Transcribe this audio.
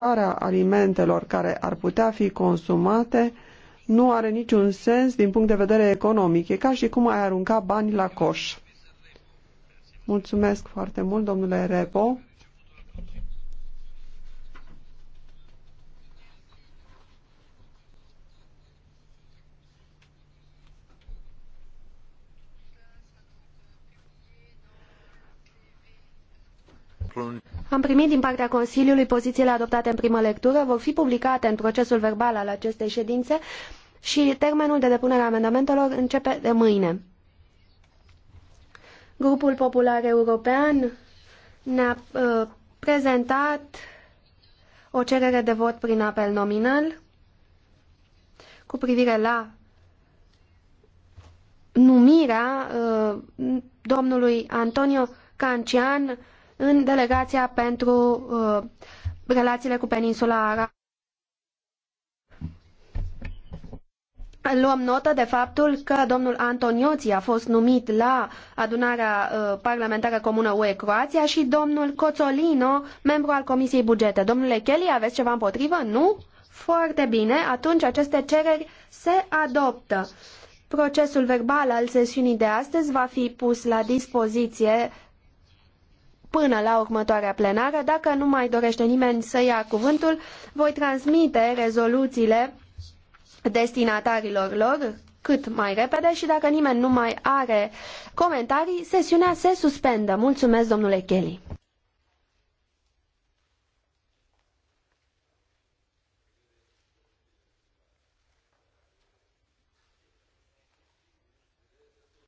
Mâncarea alimentelor care ar putea fi consumate nu are niciun sens din punct de vedere economic. E ca și cum ai arunca bani la coș. Mulțumesc foarte mult, domnule Repo. Am primit din partea Consiliului pozițiile adoptate în primă lectură, vor fi publicate în procesul verbal al acestei ședințe și termenul de depunere a amendamentelor începe de mâine. Grupul Popular European ne-a uh, prezentat o cerere de vot prin apel nominal cu privire la numirea uh, domnului Antonio Cancian în delegația pentru uh, relațiile cu peninsula arabă. Luăm notă de faptul că domnul Antonioții a fost numit la adunarea uh, parlamentară comună UE Croația și domnul Coțolino, membru al Comisiei Bugete. Domnule Kelly, aveți ceva împotrivă? Nu? Foarte bine, atunci aceste cereri se adoptă. Procesul verbal al sesiunii de astăzi va fi pus la dispoziție până la următoarea plenară. Dacă nu mai dorește nimeni să ia cuvântul, voi transmite rezoluțiile destinatarilor lor cât mai repede și dacă nimeni nu mai are comentarii, sesiunea se suspendă. Mulțumesc, domnule Kelly.